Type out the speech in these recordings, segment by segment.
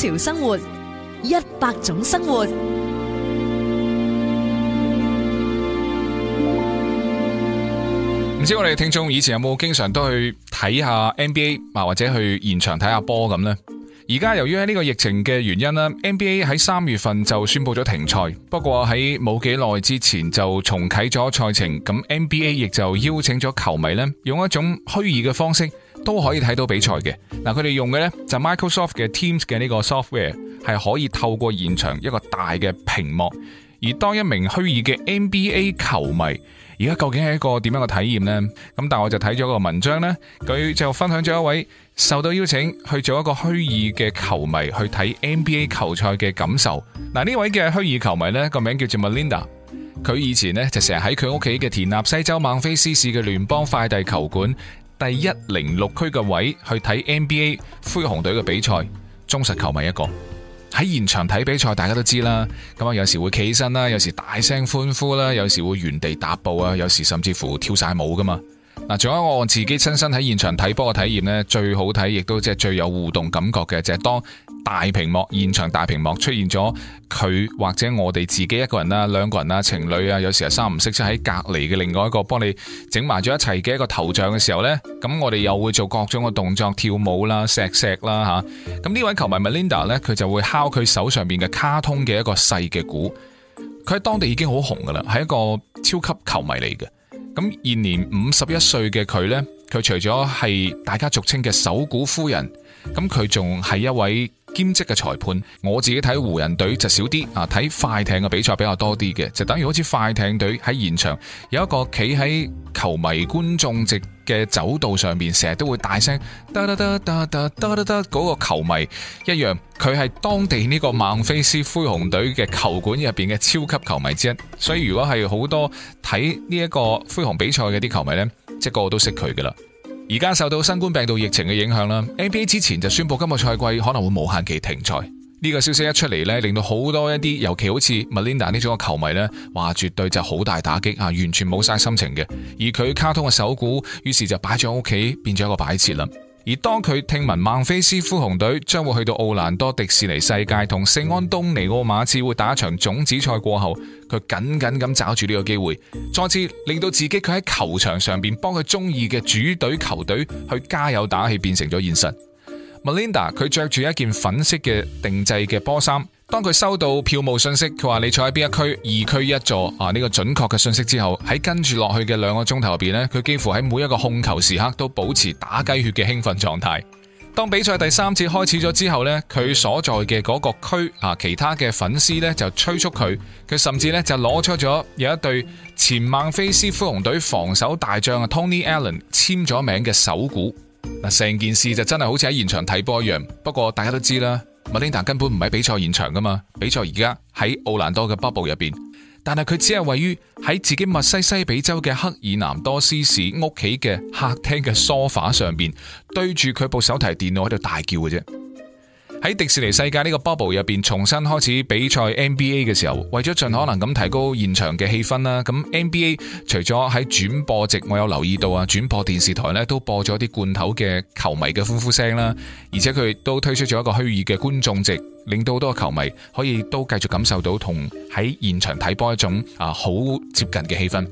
潮生活，一百種生活。唔知我哋聽眾以前有冇經常都去睇下 NBA 或者去現場睇下波咁呢？而家由於喺呢個疫情嘅原因咧，NBA 喺三月份就宣佈咗停賽，不過喺冇幾耐之前就重啟咗賽程，咁 NBA 亦就邀請咗球迷呢，用一種虛擬嘅方式。都可以睇到比賽嘅。嗱，佢哋用嘅呢，就 Microsoft 嘅 Teams 嘅呢個 software，係可以透過現場一個大嘅屏幕。而當一名虛擬嘅 NBA 球迷，而家究竟係一個點樣嘅體驗呢？咁但係我就睇咗個文章呢，佢就分享咗一位受到邀請去做一個虛擬嘅球迷去睇 NBA 球賽嘅感受。嗱，呢位嘅虛擬球迷呢，個名叫做 Melinda，佢以前呢，就成日喺佢屋企嘅田納西州孟菲斯市嘅聯邦快遞球館。第一零六區嘅位去睇 NBA 灰熊隊嘅比賽，忠實球迷一個喺現場睇比賽，大家都知啦。咁啊，有時會企起身啦，有時大聲歡呼啦，有時會原地踏步啊，有時甚至乎跳晒舞㗎嘛。嗱，仲有一個我自己親身喺現場睇波嘅體驗咧，最好睇亦都即係最有互動感覺嘅，就係當大屏幕現場大屏幕出現咗佢或者我哋自己一個人啊、兩個人啊、情侶啊，有時啊三唔識七喺隔籬嘅另外一個幫你整埋咗一齊嘅一個頭像嘅時候呢，咁我哋又會做各種嘅動作，跳舞啦、錫錫啦吓。咁呢位球迷 Melinda 呢，佢就會敲佢手上邊嘅卡通嘅一個細嘅鼓，佢喺當地已經好紅噶啦，係一個超級球迷嚟嘅。咁現年五十一歲嘅佢呢，佢除咗係大家俗稱嘅手股夫人，咁佢仲係一位。兼職嘅裁判，我自己睇湖人隊就少啲啊，睇快艇嘅比賽比較多啲嘅，就等於好似快艇隊喺現場有一個企喺球迷觀眾席嘅走道上面，成日都會大聲得得得得得得得，嗰個球迷一樣，佢係當地呢個孟菲斯灰熊隊嘅球館入邊嘅超級球迷之一，所以如果係好多睇呢一個灰熊比賽嘅啲球迷呢，即個個都識佢噶啦。而家受到新冠病毒疫情嘅影響啦，NBA 之前就宣布今個賽季可能會無限期停賽。呢個消息一出嚟咧，令到好多一啲，尤其好似 Melinda 呢種嘅球迷咧，話絕對就好大打擊啊，完全冇晒心情嘅。而佢卡通嘅手鼓，於是就擺咗喺屋企，變咗一個擺設啦。而當佢聽聞孟菲斯灰熊隊將會去到奧蘭多迪士尼世界同聖安東尼奧馬刺會打一場種子賽過後，佢緊緊咁抓住呢個機會，再次令到自己佢喺球場上邊幫佢中意嘅主隊球隊去加油打氣，變成咗現實。Melinda 佢着住一件粉色嘅定製嘅波衫。當佢收到票務信息，佢話你坐喺邊一區二區一座啊，呢個準確嘅信息之後，喺跟住落去嘅兩個鐘頭入邊呢，佢幾乎喺每一個控球時刻都保持打雞血嘅興奮狀態。當比賽第三節開始咗之後呢，佢所在嘅嗰個區啊，其他嘅粉絲呢就催促佢，佢甚至呢就攞出咗有一對前孟菲斯灰熊隊防守大將 Tony Allen 簽咗名嘅手鼓嗱，成件事就真係好似喺現場睇波一樣。不過大家都知啦。穆里納根本唔喺比賽現場噶嘛，比賽而家喺奧蘭多嘅北部入邊，但係佢只係位於喺自己墨西西比州嘅克爾南多斯市屋企嘅客廳嘅梳化上邊，對住佢部手提電腦喺度大叫嘅啫。喺迪士尼世界呢個 bubble 入邊重新開始比賽 NBA 嘅時候，為咗盡可能咁提高現場嘅氣氛啦，咁 NBA 除咗喺轉播席，我有留意到啊，轉播電視台咧都播咗啲罐頭嘅球迷嘅呼呼聲啦，而且佢亦都推出咗一個虛擬嘅觀眾席，令到好多球迷可以都繼續感受到同喺現場睇波一種啊好接近嘅氣氛。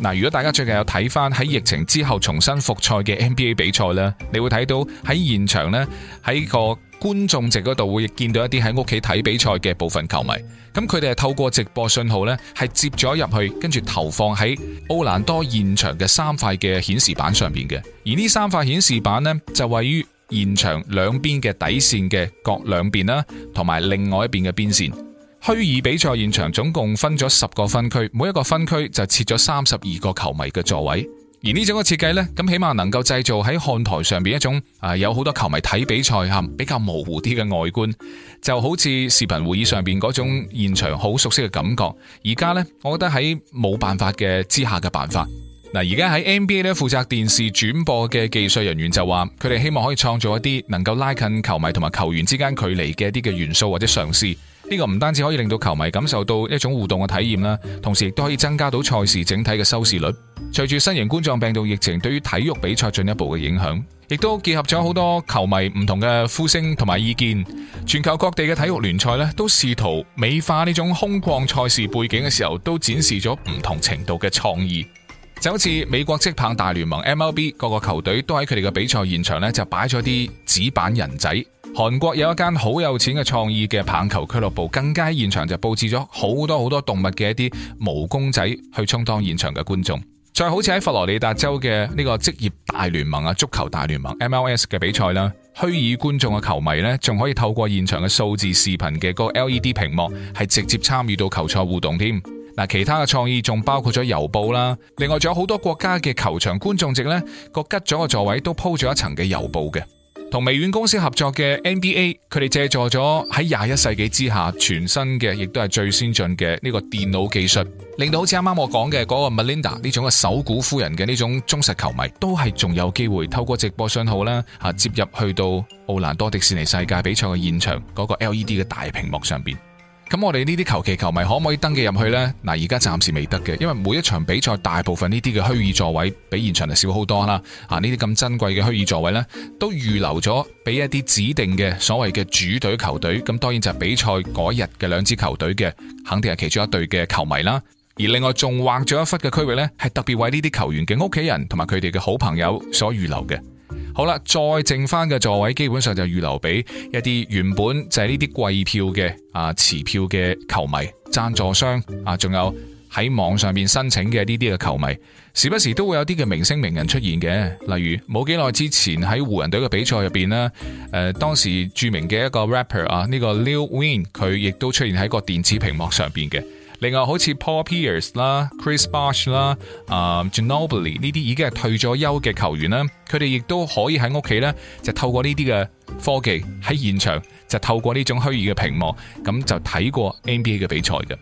嗱，如果大家最近有睇返喺疫情之後重新復賽嘅 NBA 比賽咧，你會睇到喺現場呢，喺個觀眾席嗰度會亦見到一啲喺屋企睇比賽嘅部分球迷，咁佢哋係透過直播信號呢，係接咗入去，跟住投放喺奧蘭多現場嘅三塊嘅顯示板上邊嘅，而呢三塊顯示板呢，就位於現場兩邊嘅底線嘅各兩邊啦，同埋另外一邊嘅邊線。虛擬比賽現場總共分咗十個分區，每一個分區就設咗三十二個球迷嘅座位。而呢種嘅設計呢，咁起碼能夠製造喺看台上邊一種啊有好多球迷睇比賽啊比較模糊啲嘅外觀，就好似視頻會議上邊嗰種現場好熟悉嘅感覺。而家呢，我覺得喺冇辦法嘅之下嘅辦法，嗱，而家喺 NBA 呢負責電視轉播嘅技術人員就話，佢哋希望可以創造一啲能夠拉近球迷同埋球員之間距離嘅一啲嘅元素或者嘗試。呢個唔單止可以令到球迷感受到一種互動嘅體驗啦，同時亦都可以增加到賽事整體嘅收視率。隨住新型冠狀病毒疫情對於體育比賽進一步嘅影響，亦都結合咗好多球迷唔同嘅呼聲同埋意見，全球各地嘅體育聯賽呢，都試圖美化呢種空曠賽事背景嘅時候，都展示咗唔同程度嘅創意。就好似美國職棒大聯盟 MLB 各個球隊都喺佢哋嘅比賽現場呢，就擺咗啲紙板人仔。韓國有一間好有錢嘅創意嘅棒球俱樂部，更加喺現場就佈置咗好多好多動物嘅一啲毛公仔去充當現場嘅觀眾。再好似喺佛羅里達州嘅呢個職業大聯盟啊，足球大聯盟 MLS 嘅比賽啦，虛擬觀眾嘅球迷呢，仲可以透過現場嘅數字視頻嘅嗰個 LED 屏幕，係直接參與到球賽互動添。嗱，其他嘅創意仲包括咗油布啦，另外仲有好多國家嘅球場觀眾席呢，個吉咗嘅座位都鋪咗一層嘅油布嘅。同微軟公司合作嘅 NBA，佢哋借助咗喺廿一世紀之下全新嘅，亦都係最先進嘅呢個電腦技術，令到好似啱啱我講嘅嗰個 Melinda 呢種嘅首富夫人嘅呢種忠實球迷，都係仲有機會透過直播信號啦，啊，接入去到奧蘭多迪士尼世界比賽嘅現場嗰，那個 LED 嘅大屏幕上邊。咁我哋呢啲求其球迷可唔可以登記入去呢？嗱，而家暫時未得嘅，因為每一場比賽大部分呢啲嘅虛擬座位比現場就少好多啦。啊，呢啲咁珍貴嘅虛擬座位呢，都預留咗俾一啲指定嘅所謂嘅主隊球隊。咁當然就係比賽嗰日嘅兩支球隊嘅，肯定係其中一隊嘅球迷啦。而另外仲畫咗一忽嘅區域呢，係特別為呢啲球員嘅屋企人同埋佢哋嘅好朋友所預留嘅。好啦，再剩翻嘅座位基本上就預留俾一啲原本就係呢啲貴票嘅啊持票嘅球迷、贊助商啊，仲有喺網上面申請嘅呢啲嘅球迷，時不時都會有啲嘅明星名人出現嘅，例如冇幾耐之前喺湖人隊嘅比賽入邊呢，誒、呃，當時著名嘅一個 rapper 啊，呢個 Lil Wayne 佢亦都出現喺個電子屏幕上邊嘅。另外，好似 Paul Pierce 啦、Chris Bosh ch, 啦、uh, 啊 g i n o b i l y 呢啲，已經係退咗休嘅球員啦，佢哋亦都可以喺屋企咧，就透過呢啲嘅科技喺現場，就透過呢種虛擬嘅屏幕，咁就睇過 NBA 嘅比賽嘅。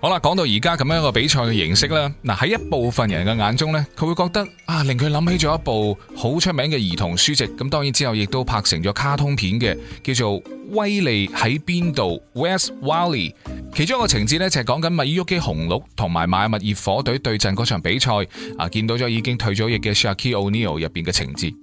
好啦，講到而家咁樣一個比賽嘅形式啦，嗱，喺一部分人嘅眼中咧，佢會覺得啊，令佢諗起咗一部好出名嘅兒童書籍，咁當然之後亦都拍成咗卡通片嘅，叫做《威利喺邊度 w e r e s Wally）。其中一個情節咧，就係講緊密爾沃基雄鹿同埋邁阿密熱火隊對陣嗰場比賽，啊，見到咗已經退咗役嘅 Shaquille O’Neal 入邊嘅情節。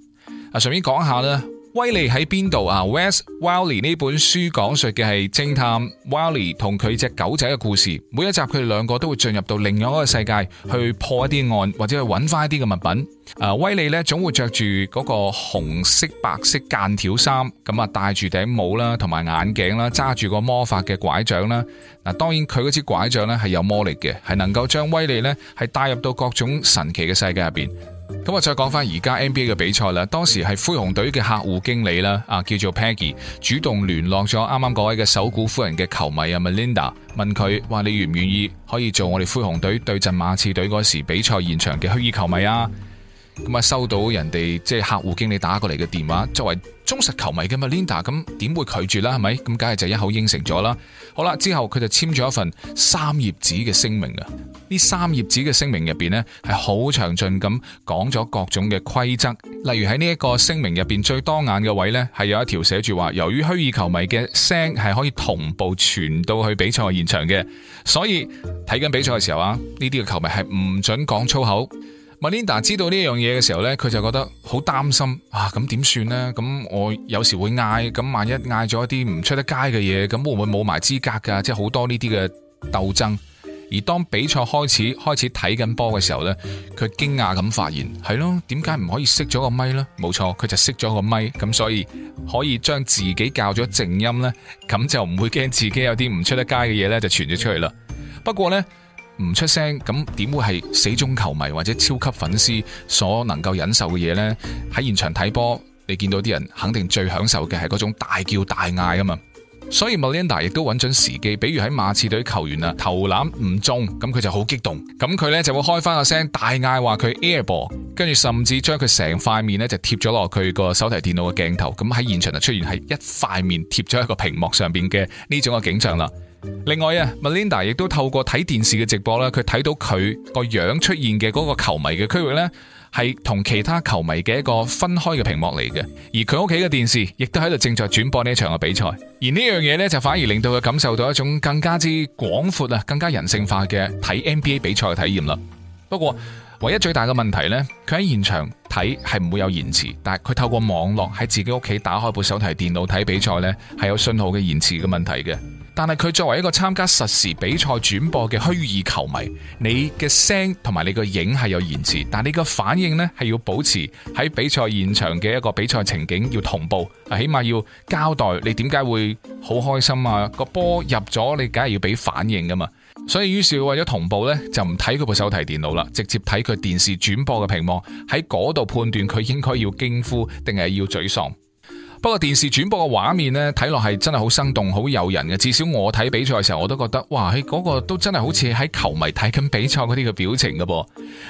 啊，順便講下咧。威利喺邊度啊？《Where's Wally》呢本書講述嘅係偵探 Wally 同佢隻狗仔嘅故事。每一集佢哋兩個都會進入到另外一個世界去破一啲案，或者去揾翻一啲嘅物品。誒、啊，威利咧總會着住嗰個紅色白色間條衫，咁啊戴住頂帽啦，同埋眼鏡啦，揸住個魔法嘅拐杖啦。嗱，當然佢嗰支拐杖咧係有魔力嘅，係能夠將威利咧係帶入到各種神奇嘅世界入邊。咁啊，再講翻而家 NBA 嘅比賽啦。當時係灰熊隊嘅客戶經理啦，啊，叫做 Peggy，主動聯絡咗啱啱嗰位嘅首股夫人嘅球迷啊 Melinda，問佢話：你願唔願意可以做我哋灰熊隊對陣馬刺隊嗰時比賽現場嘅虛擬球迷啊？咁啊，收到人哋即係客戶經理打過嚟嘅電話，作為。忠實球迷嘅啊，Linda 咁點會拒絕啦？係咪？咁梗係就一口應承咗啦。好啦，之後佢就簽咗一份三頁紙嘅聲明啊。呢三頁紙嘅聲明入邊呢，係好詳盡咁講咗各種嘅規則。例如喺呢一個聲明入邊最當眼嘅位呢，係有一條寫住話，由於虛擬球迷嘅聲係可以同步傳到去比賽現場嘅，所以睇緊比賽嘅時候啊，呢啲嘅球迷係唔准講粗口。Melinda 知道呢樣嘢嘅時候呢，佢就覺得好擔心啊！咁點算呢？咁我有時會嗌，咁萬一嗌咗一啲唔出得街嘅嘢，咁會唔會冇埋資格噶？即係好多呢啲嘅鬥爭。而當比賽開始開始睇緊波嘅時候呢，佢驚訝咁發現，係咯，點解唔可以熄咗個咪呢？冇錯，佢就熄咗個咪。咁所以可以將自己教咗靜音呢，咁就唔會驚自己有啲唔出得街嘅嘢呢，就傳咗出去啦。不過呢。唔出聲咁點會係死忠球迷或者超級粉絲所能夠忍受嘅嘢呢？喺現場睇波，你見到啲人肯定最享受嘅係嗰種大叫大嗌啊嘛！所以 Melinda 亦都揾準時機，比如喺馬刺隊球員啊投籃唔中，咁佢就好激動，咁佢呢就會開翻個聲大嗌話佢 Airball，跟住甚至將佢成塊面呢就貼咗落佢個手提電腦嘅鏡頭，咁喺現場就出現係一塊面貼咗喺個屏幕上邊嘅呢種嘅景象啦。另外啊，Melinda 亦都透過睇電視嘅直播咧，佢睇到佢個樣出現嘅嗰個球迷嘅區域呢，係同其他球迷嘅一個分開嘅屏幕嚟嘅。而佢屋企嘅電視亦都喺度正在轉播呢一場嘅比賽。而呢樣嘢呢，就反而令到佢感受到一種更加之廣闊啊，更加人性化嘅睇 NBA 比賽嘅體驗啦。不過，唯一最大嘅問題呢，佢喺現場睇係唔會有延遲，但係佢透過網絡喺自己屋企打開部手提電腦睇比賽呢，係有信號嘅延遲嘅問題嘅。但係佢作為一個參加實時比賽轉播嘅虛擬球迷，你嘅聲同埋你個影係有延遲，但你個反應呢係要保持喺比賽現場嘅一個比賽情景要同步，起碼要交代你點解會好開心啊，個波入咗，你梗係要俾反應噶嘛，所以於是為咗同步呢，就唔睇佢部手提電腦啦，直接睇佢電視轉播嘅屏幕喺嗰度判斷佢應該要驚呼定係要沮喪。不過電視轉播嘅畫面呢，睇落係真係好生動、好誘人嘅。至少我睇比賽嘅時候，我都覺得，哇，嗰個都真係好似喺球迷睇緊比賽嗰啲嘅表情噶噃。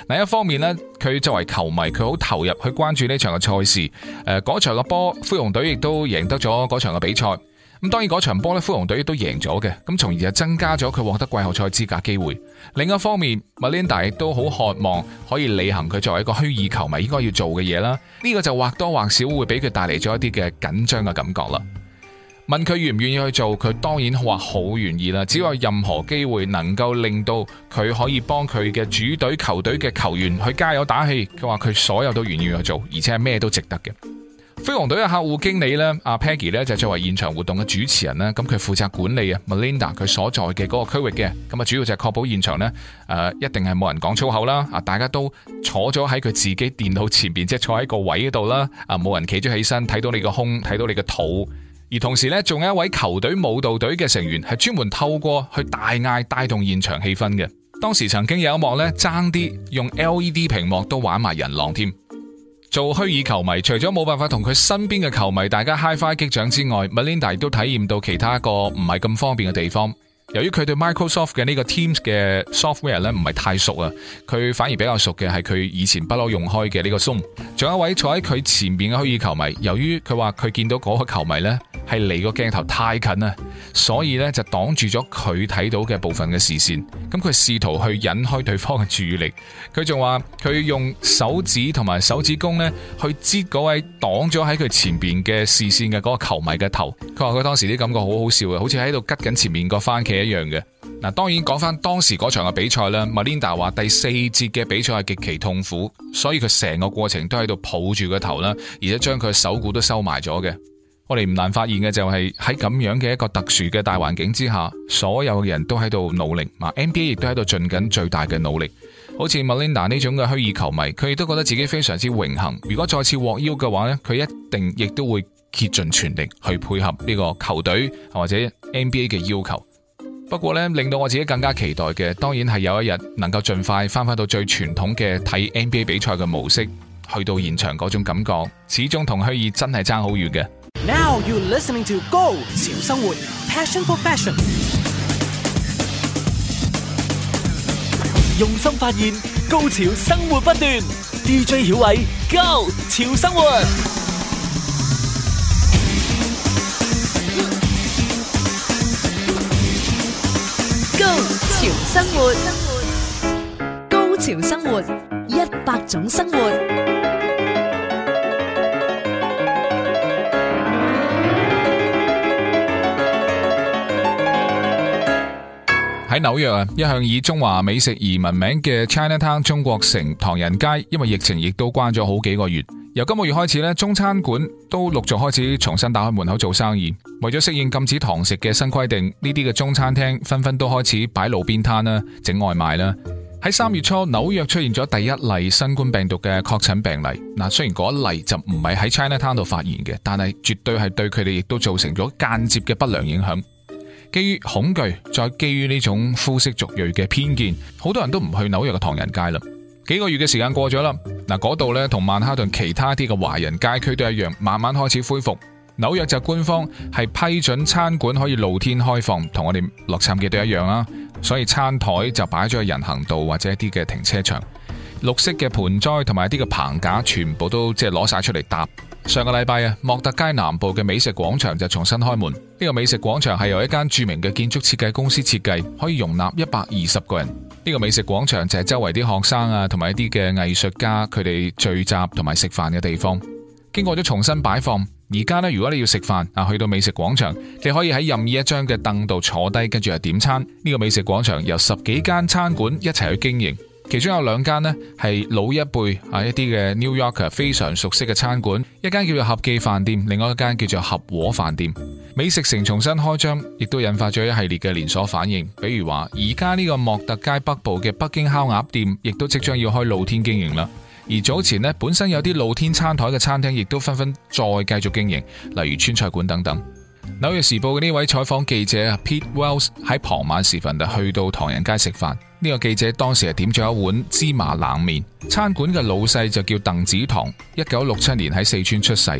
另一方面呢，佢作為球迷，佢好投入去關注呢場嘅賽事。誒，嗰場嘅波，灰熊隊亦都贏得咗嗰場嘅比賽。咁當然嗰場波呢，灰熊隊都贏咗嘅，咁從而就增加咗佢獲得季後賽資格機會。另一方面，Melinda 亦都好渴望可以履行佢作為一個虛擬球迷應該要做嘅嘢啦。呢個就或多或少會俾佢帶嚟咗一啲嘅緊張嘅感覺啦。問佢願唔願意去做，佢當然話好願意啦。只要有任何機會能夠令到佢可以幫佢嘅主隊球隊嘅球員去加油打氣，佢話佢所有都願意去做，而且係咩都值得嘅。飛鴻隊嘅客戶經理咧，阿 Peggy 咧就作為現場活動嘅主持人啦，咁佢負責管理啊 Melinda 佢所在嘅嗰個區域嘅，咁啊主要就係確保現場呢，誒、呃、一定係冇人講粗口啦，啊大家都坐咗喺佢自己電腦前邊，即係坐喺個位度啦，啊冇人企咗起身，睇到你個胸，睇到你個肚，而同時呢，仲有一位球隊舞蹈隊嘅成員係專門透過去大嗌帶動現場氣氛嘅，當時曾經有一幕呢，爭啲用 LED 屏幕都玩埋人浪添。做虛擬球迷，除咗冇辦法同佢身邊嘅球迷大家嗨 i g 擊掌之外 ，Melinda 都體驗到其他一個唔係咁方便嘅地方。由於佢對 Microsoft 嘅呢個 Teams 嘅 software 咧唔係太熟啊，佢反而比較熟嘅係佢以前不嬲用開嘅呢個 Zoom。仲有一位坐喺佢前邊嘅虛擬球迷，由於佢話佢見到嗰個球迷呢係離個鏡頭太近啊，所以呢就擋住咗佢睇到嘅部分嘅視線。咁佢試圖去引開對方嘅注意力。佢仲話佢用手指同埋手指公呢去截位擋咗喺佢前邊嘅視線嘅嗰個球迷嘅頭。佢話佢當時啲感覺好好笑啊，好似喺度拮緊前面個番茄。一樣嘅。嗱，當然講翻當時嗰場嘅比賽啦。Melinda 話第四節嘅比賽係極其痛苦，所以佢成個過程都喺度抱住個頭啦，而且將佢手骨都收埋咗嘅。我哋唔難發現嘅就係喺咁樣嘅一個特殊嘅大環境之下，所有人都喺度努力。嗱，啊，NBA 亦都喺度盡緊最大嘅努力。好似 Melinda 呢種嘅虛擬球迷，佢亦都覺得自己非常之榮幸。如果再次獲邀嘅話呢，佢一定亦都會竭盡全力去配合呢個球隊，或者 NBA 嘅要求。不過咧，令到我自己更加期待嘅，當然係有一日能夠盡快翻返到最傳統嘅睇 NBA 比賽嘅模式，去到現場嗰種感覺，始終同虛擬真係差好遠嘅。Now you're listening to Go 潮生活，passion for fashion，用心發現，高潮生活不斷，DJ 曉偉，Go 潮生活。生活，生活、高潮生活，一百種生活。喺紐約啊，一向以中華美食而聞名嘅 China Town 中國城唐人街，因為疫情亦都關咗好幾個月。由今個月開始咧，中餐館都陸續開始重新打開門口做生意。為咗適應禁止堂食嘅新規定，呢啲嘅中餐廳紛紛都開始擺路邊攤啦，整外賣啦。喺三月初，紐約出現咗第一例新冠病毒嘅確診病例。嗱，雖然嗰一例就唔係喺 China Town 度發現嘅，但係絕對係對佢哋亦都造成咗間接嘅不良影響。基於恐懼，再基於呢種膚色族裔嘅偏見，好多人都唔去紐約嘅唐人街啦。幾個月嘅時間過咗啦。嗱，嗰度咧同曼哈頓其他啲嘅華人街區都一樣，慢慢開始恢復。紐約就官方係批准餐館可以露天開放，同我哋洛杉磯都一樣啦。所以餐檯就擺咗喺人行道或者一啲嘅停車場，綠色嘅盆栽同埋一啲嘅棚架全部都即係攞晒出嚟搭。上個禮拜啊，莫特街南部嘅美食廣場就重新開門。呢個美食廣場係由一間著名嘅建築設計公司設計，可以容納一百二十個人。呢個美食廣場就係周圍啲學生啊，同埋一啲嘅藝術家佢哋聚集同埋食飯嘅地方。經過咗重新擺放，而家呢，如果你要食飯啊，去到美食廣場，你可以喺任意一張嘅凳度坐低，跟住又點餐。呢個美食廣場由十幾間餐館一齊去經營。其中有兩間呢係老一輩啊一啲嘅 New Yorker 非常熟悉嘅餐館，一間叫做合記飯店，另外一間叫做合和飯店。美食城重新開張，亦都引發咗一系列嘅連鎖反應。比如話，而家呢個莫特街北部嘅北京烤鴨店，亦都即將要開露天經營啦。而早前呢，本身有啲露天餐台嘅餐廳，亦都紛紛再繼續經營，例如川菜館等等。紐約時報嘅呢位採訪記者啊，Pete Wells 喺傍晚時分就去到唐人街食飯。呢個記者當時係點咗一碗芝麻冷麵。餐館嘅老細就叫鄧子堂，一九六七年喺四川出世。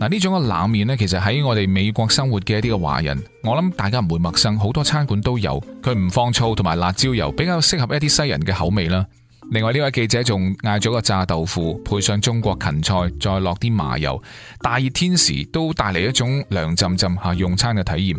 嗱，呢種嘅冷麵呢，其實喺我哋美國生活嘅一啲嘅華人，我諗大家唔會陌生，好多餐館都有。佢唔放醋同埋辣椒油，比較適合一啲西人嘅口味啦。另外呢位記者仲嗌咗個炸豆腐，配上中國芹菜，再落啲麻油。大熱天時都帶嚟一種涼浸浸吓用餐嘅體驗。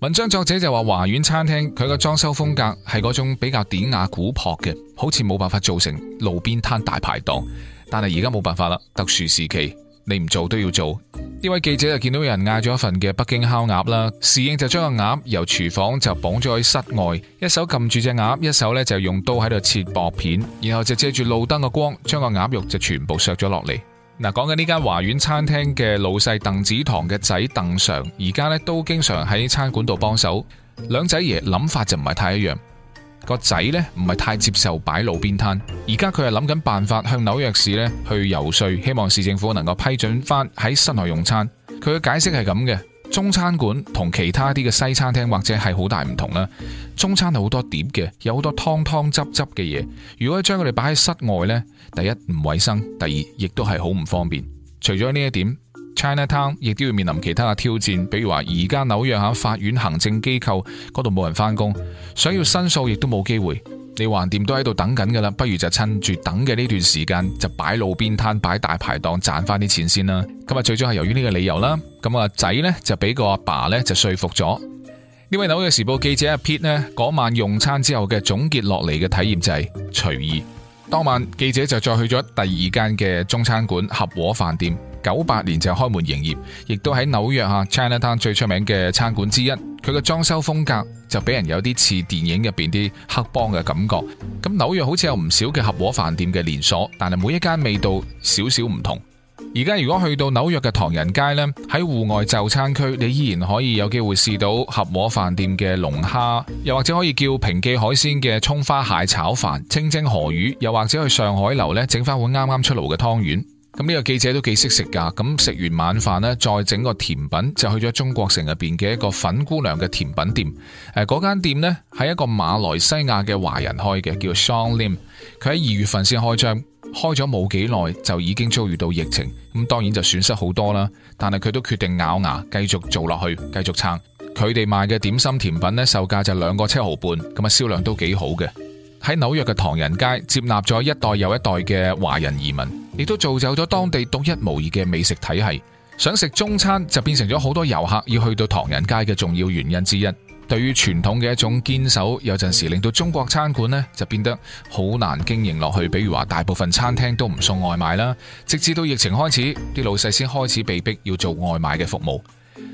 文章作者就話華苑餐廳佢個裝修風格係嗰種比較典雅古樸嘅，好似冇辦法做成路邊攤大排檔，但係而家冇辦法啦，特殊時期。你唔做都要做。呢位記者就見到有人嗌咗一份嘅北京烤鴨啦，侍應就將個鴨由廚房就綁咗喺室外，一手撳住隻鴨，一手咧就用刀喺度切薄片，然後就借住路燈嘅光，將個鴨肉就全部削咗落嚟。嗱，講緊呢間華苑餐廳嘅老細鄧子堂嘅仔鄧常，而家咧都經常喺餐館度幫手，兩仔爺諗法就唔係太一樣。個仔呢唔係太接受擺路邊攤，而家佢係諗緊辦法向紐約市呢去游說，希望市政府能夠批准翻喺室內用餐。佢嘅解釋係咁嘅：中餐館同其他啲嘅西餐廳或者係好大唔同啦。中餐係好多碟嘅，有好多湯湯汁汁嘅嘢。如果將佢哋擺喺室外呢，第一唔衛生，第二亦都係好唔方便。除咗呢一點。China Town 亦都要面臨其他嘅挑戰，比如話而家紐約喺法院行政機構嗰度冇人翻工，想要申訴亦都冇機會。你橫掂都喺度等緊噶啦，不如就趁住等嘅呢段時間就擺路邊攤、擺大排檔賺翻啲錢先啦。今日最終係由於呢個理由啦，咁啊仔呢，就俾個阿爸呢，就說服咗。呢位紐約時報記者阿 Pete 呢嗰晚用餐之後嘅總結落嚟嘅體驗就係隨意。當晚記者就再去咗第二間嘅中餐館合和飯店。九八年就開門營業，亦都喺紐約吓 Chinatown 最出名嘅餐館之一。佢嘅裝修風格就俾人有啲似電影入邊啲黑幫嘅感覺。咁紐約好似有唔少嘅合和飯店嘅連鎖，但係每一間味道少少唔同。而家如果去到紐約嘅唐人街呢，喺戶外就餐區，你依然可以有機會試到合和飯店嘅龍蝦，又或者可以叫平記海鮮嘅蔥花蟹炒飯、清蒸河魚，又或者去上海樓呢整翻碗啱啱出爐嘅湯圓。咁呢個記者都幾識食噶，咁食完晚飯呢，再整個甜品就去咗中國城入邊嘅一個粉姑娘嘅甜品店。誒，嗰間店呢，係一個馬來西亞嘅華人開嘅，叫 Shawn Lim。佢喺二月份先開張，開咗冇幾耐就已經遭遇到疫情，咁當然就損失好多啦。但係佢都決定咬牙繼續做落去，繼續撐。佢哋賣嘅點心甜品呢，售價就兩個七毫半，咁啊銷量都幾好嘅。喺紐約嘅唐人街接納咗一代又一代嘅華人移民，亦都造就咗當地獨一無二嘅美食體系。想食中餐就變成咗好多遊客要去到唐人街嘅重要原因之一。對於傳統嘅一種堅守，有陣時令到中國餐館咧就變得好難經營落去。比如話，大部分餐廳都唔送外賣啦，直至到疫情開始，啲老細先開始被逼要做外賣嘅服務。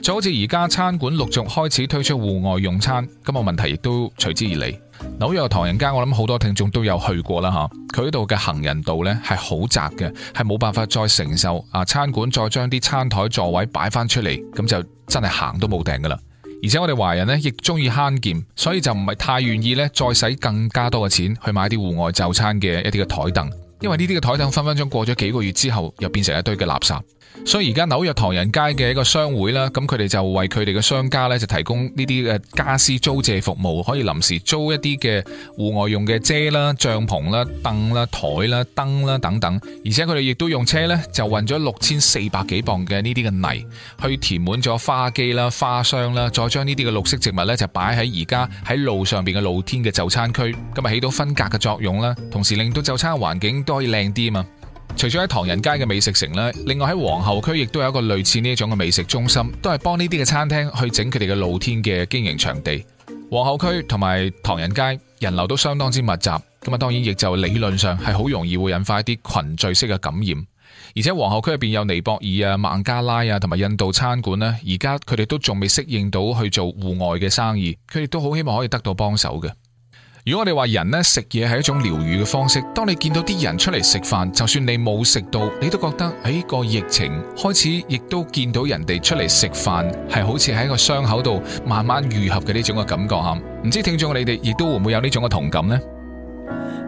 就好似而家餐館陸續開始推出戶外用餐，咁個問題亦都隨之而嚟。紐約唐人街，我諗好多聽眾都有去過啦，吓佢度嘅行人道呢係好窄嘅，係冇辦法再承受啊餐館再將啲餐台座位擺翻出嚟，咁就真係行都冇定噶啦。而且我哋華人呢亦中意慳儉，所以就唔係太願意呢再使更加多嘅錢去買啲戶外就餐嘅一啲嘅台凳，因為呢啲嘅台凳分分鐘過咗幾個月之後又變成一堆嘅垃圾。所以而家紐約唐人街嘅一個商會啦，咁佢哋就為佢哋嘅商家呢，就提供呢啲嘅傢俬租借服務，可以臨時租一啲嘅戶外用嘅遮啦、帳篷啦、凳啦、枱啦、燈啦等等。而且佢哋亦都用車呢，就運咗六千四百幾磅嘅呢啲嘅泥，去填滿咗花基啦、花箱啦，再將呢啲嘅綠色植物呢，就擺喺而家喺路上邊嘅露天嘅就餐區，咁啊起到分隔嘅作用啦，同時令到就餐環境都可以靚啲啊嘛。除咗喺唐人街嘅美食城呢，另外喺皇后區亦都有一個類似呢一種嘅美食中心，都係幫呢啲嘅餐廳去整佢哋嘅露天嘅經營場地。皇后區同埋唐人街人流都相當之密集，咁啊當然亦就理論上係好容易會引發一啲群聚式嘅感染。而且皇后區入邊有尼泊爾啊、孟加拉啊同埋印度餐館咧，而家佢哋都仲未適應到去做戶外嘅生意，佢哋都好希望可以得到幫手嘅。如果我哋話人呢，食嘢係一種療愈嘅方式，當你見到啲人出嚟食飯，就算你冇食到，你都覺得喺個疫情開始，亦都見到人哋出嚟食飯，係好似喺個傷口度慢慢愈合嘅呢種嘅感覺吓，唔知聽眾你哋亦都會唔會有呢種嘅同感呢？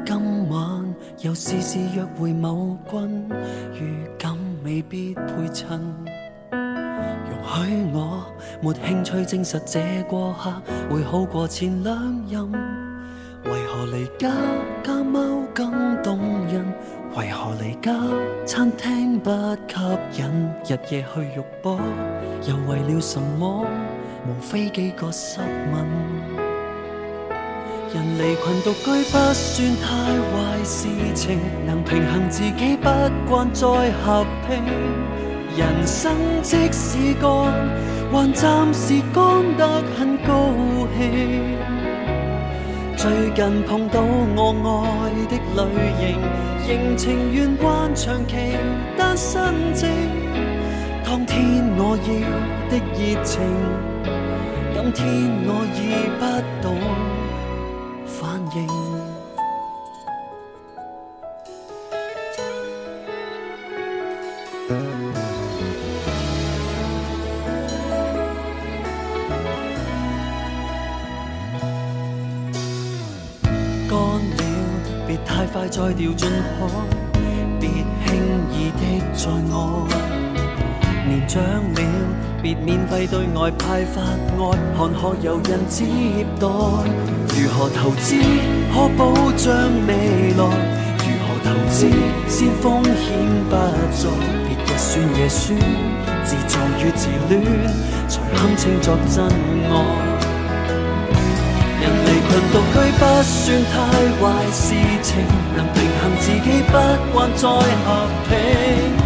今晚又似是約會某君，預感未必配襯，容許我沒興趣證實這過客會好過前兩任。離家家貓更動人，為何離家餐廳不吸引？日夜去肉搏，又為了什麼？無非幾個濕吻。人離群獨居不算太壞事情，能平衡自己，不慣再合拼。人生即使乾，還暫時乾得很高興。最近碰到我愛的類型，仍情願患長期單身症。當天我要的熱情，今天我已不懂。兩秒，別免費對外派發愛，看可有人接待？如何投資可保障未來？如何投資先風險不再？別日酸夜酸，自作與自戀，才堪稱作真愛。人離群獨居不算太壞事情，能平衡自己，不慣再合拼。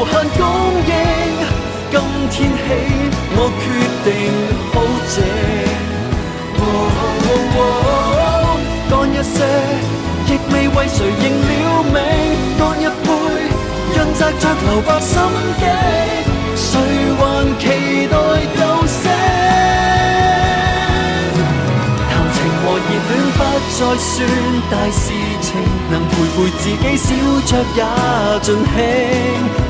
無限公應，今天起我決定好靜。乾一些，亦未為誰認了命。乾一杯，任濁着留白心機。誰還期待鬥勝？談情和熱戀不再算大事情，能陪陪自己笑著也盡興。